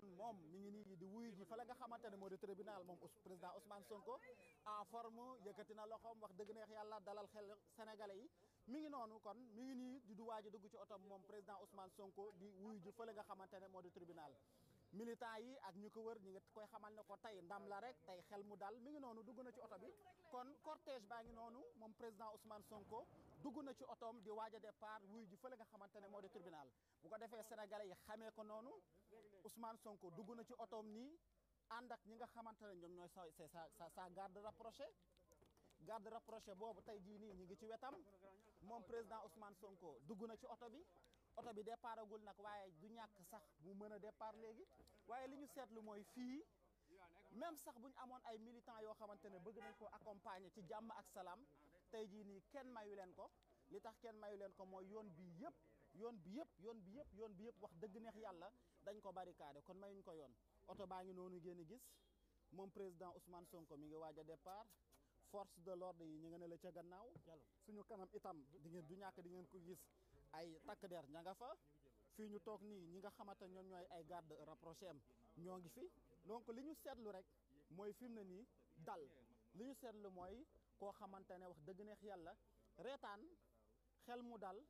kon moom mi ngi nii di wuyu ji fa la nga xamante ne moo di tribunal moom président Ousmane Sonko a forme yëkkati na loxoom wax dëgg neex yàlla dalal xel sénégalais yi mi ngi noonu kon mi ngi nii di du waaj a dugg ci otom moom président Ousmane Sonko di wuyu ji fa la nga xamante ne tribunal militant yi ak ñu ko wër ñi ngi koy xamal ne ko tey ndam la rek tey xel mu dal mi ngi noonu dugg na ci oto bi kon cortège baa ngi noonu moom président Ousmane Sonko dugg na ci a defee sénégalais yi xamee ko noonu Ousmane Sonko dugg na ci otoom nii ànd ak ñi nga xamante ne ñoom ñooy sa sa sa sa garde rapproché garde rapproché boobu tey jii nii ñu ngi ci wetam moom président Ousmane Sonko dugg na ci oto bi oto bi départagul nag waaye du ñàkk sax mu mën a départ léegi waaye li ñu seetlu mooy fii même sax bu ñu amoon ay militants yoo xamante ne bëgg nañ ko accompagner ci jàmm ak salaam tey jii nii kenn mayu leen ko li tax kenn mayu leen ko mooy yoon bi yëpp. yoon bi yëpp yoon bi yëpp yoon bi yëpp wax dëgg neex yàlla dañ ko barricade kon mayuñ ko yoon oto baa ngi noonu ngeen gis moom président Ousmane Sonko mi ngi waaj a départ force de l'ordre yi ñu nga ne la ca gannaaw suñu kanam itam di ngeen du ñàkk di ngeen ko gis ay takk der ña nga fa fii ñu toog nii ñi nga xamante ñoon ñooy ay garde rapproché am ñoo ngi fi donc li ñu seetlu rek mooy fi mu ne nii dal li ñu seetlu mooy koo xamante ne wax dëgg neex yàlla reetaan xel mu dal